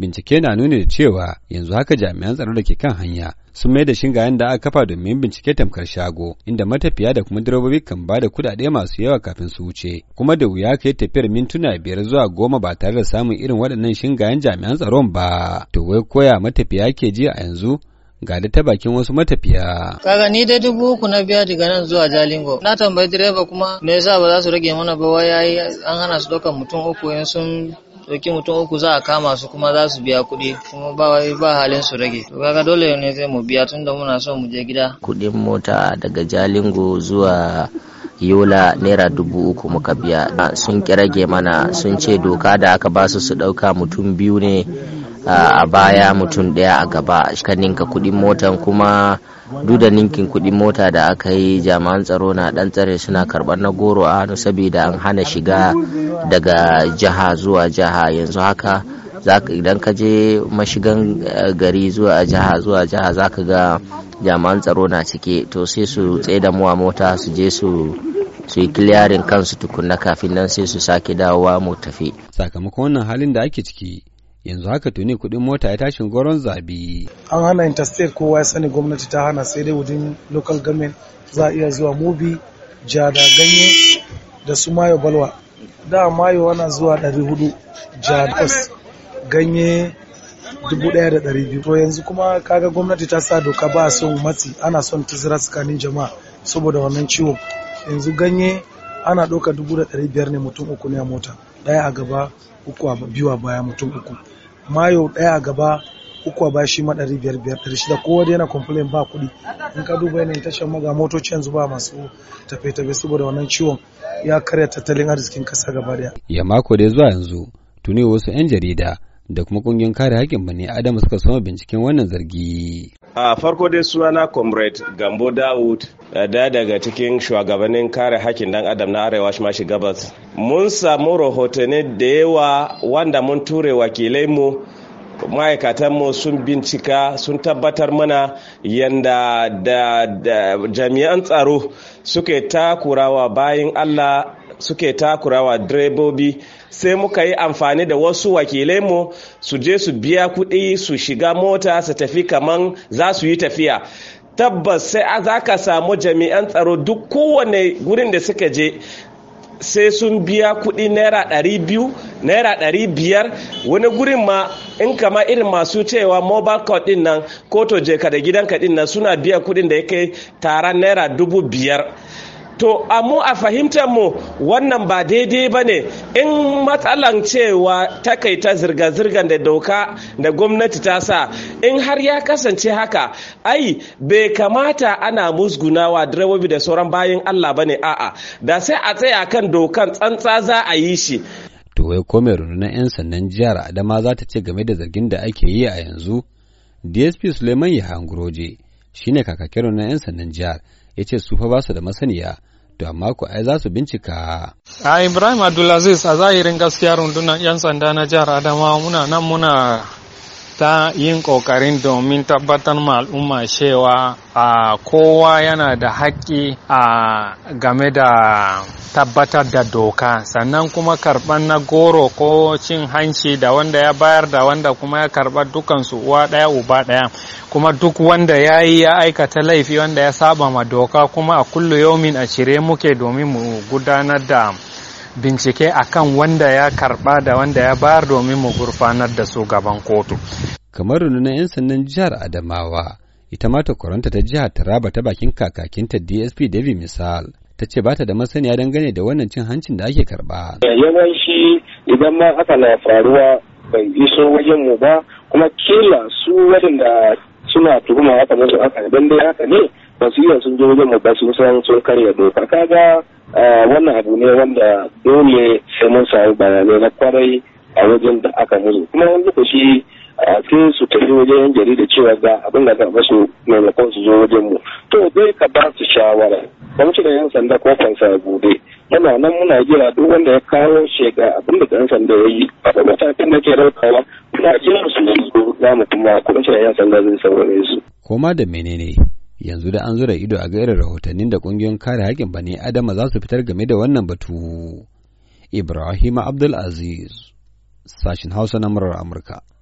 bincike na nuni da cewa yanzu haka jami'an tsaro da ke kan hanya sun mai da shingayen da aka kafa domin bincike tamkar shago inda matafiya da kuma direbobi kan ba da kuɗaɗe masu yawa kafin su wuce kuma da wuya ka yi tafiyar mintuna biyar zuwa goma ba tare da samun irin waɗannan shingayen jami'an tsaron ba to wai koya matafiya ke ji a yanzu ga da ta bakin wasu matafiya. Kaga ni dai dubu uku na biya daga nan zuwa Jalingo. Na tambayi direba kuma me yasa ba za su rage mana ba wai an hana su ɗaukar mutum uku in sun dauki mutum uku za a kama su kuma za su biya kuɗi kuma ba halin su rage to kaga dole ne sai mu biya tun da muna so mu je gida kuɗin mota daga jalingo zuwa yola naira dubu uku muka biya sun kirage mana sun ce doka da aka basu su ɗauka mutum biyu ne a baya mutum ɗaya a gaba ka ninka kuɗin motan kuma duk da ninkin kuɗin mota da aka yi jami'an tsaro na ɗan tsare suna karɓar na goro a hannu saboda an hana shiga daga jiha zuwa jiha yanzu haka idan ka je mashigan eh, gari zuwa jiha zuwa jiha za ka ga jami'an tsaro na cike to sai su tsaye da muwa mota su je su su yi kiliyarin kansu tukunna kafin nan sai su sake dawowa mu tafi sakamakon wannan halin da ake ciki yanzu haka tuni kuɗin mota ya tashin goron zabi. An hana interstate kowa ya sani gwamnati ta hana sai dai wajen local government za a iya zuwa mobi, jada ganye da su mayo balwa. Da mayo ana zuwa ɗari jadas ganye dubu To yanzu kuma kaga gwamnati ta sa doka ba son matsi ana son tazara tsakanin jama'a saboda wannan ciwon. Yanzu ganye ana ɗauka dubu da ne mutum uku ne a mota. ɗaya a gaba uku a biyu a baya mutum uku mayo daya a gaba uku a baya shi ma ɗari biyar biyar ɗari shida kowa dai yana complain ba kuɗi in ka duba yanayin tashar maga motoci yanzu ba masu tafe-tafe saboda wannan ciwon ya karya tattalin arzikin ƙasa gaba daya ya mako dai zuwa yanzu tuni wasu 'yan jarida da kuma ƙungiyar kare haƙƙin bani adamu suka soma binciken wannan zargi. a farko dai sunana comrade gambo dawud eh, da daga cikin shugabannin kare hakkin dan adam na arewa mashi gabas mun samu rahotanni da yawa wanda mun ture wakilai mu ma'aikatan mu sun bincika sun tabbatar mana yadda da, jami'an tsaro suke takurawa bayan allah suke takurawa direbobi sai muka yi amfani da wasu wakilai mu su je su biya kuɗi su shiga mota su tafi kaman za su yi tafiya tabbas sai za ka samu jami'an tsaro duk kowane gurin da suka je sai sun biya kuɗi naira ɗari biyu naira ɗari biyar wani gurin ma in kama irin masu cewa mobile court ɗin nan ko to je ka da gidanka ɗin nan suna biya kuɗin da ya kai taron naira dubu biyar to a mu a fahimtar mu wannan ba daidai ba ne in matsalan cewa takaita zirga-zirgar da doka da gwamnati ta sa in har ya kasance haka ai bai kamata ana musgunawa direbobi da sauran bayan allah ba ne a'a da sai a tsaya kan dokan tsantsa za a yi shi to wai kome rundunar 'yan sannan jihar adama za ta ce game da zargin da ake yi a yanzu dsp suleiman ya hangroje shine kakakin na 'yan sandan jihar ya ce su fa ba su da masaniya to amma ku ai za su bincika. A Ibrahim Abdulaziz a zahirin gaskiya rundunar 'yan sanda na jihar Adamawa muna nan muna ta yin ƙoƙarin domin tabbatar ma al'umma cewa a kowa yana da haƙƙi a game da tabbatar da doka sannan kuma karɓar na goro ko cin hanci da wanda ya bayar da wanda kuma ya karɓar dukansu uwa ɗaya uba ɗaya kuma duk wanda ya yi ya aikata laifi wanda ya saba ma doka kuma a kullu yomin a cire muke domin mu gudanar da bincike akan wanda ya karɓa da wanda ya bayar domin mu gurfanar da su gaban kotu kamar rundunar 'yan sandan jihar Adamawa, ita ma ta koranta ta jihar Taraba ta bakin kakakinta DSP David Misal. ta ce ba ta da masaniya dangane da wannan cin hancin da ake karba. Yawanci idan ma haka na faruwa bai iso wajen mu ba kuma kila su waɗanda suna tuhuma haka musu haka idan dai haka ne ba su iya sun je wajen mu ba sun san sun karya doka kaga wannan abu ne wanda dole sai mun sami bayanai na kwarai a wajen da aka musu kuma wani lokaci sai su tafi wajen yan jarida cewa ga abin da karɓa su maimakon su zo wajen mu to dai ka ba su shawara da yan sanda ko fansa gobe bude yana nan muna jira duk wanda ya kawo shi ga abin da yan sanda ya yi a matakin da ke raukawa muna jira su zo za mu kuma da yan sanda zai saurare su. koma da menene yanzu da an zura ido a gairar rahotannin da kungiyoyin kare haƙƙin bani adama za su fitar game da wannan batu ibrahim abdulaziz sashin hausa na murar amurka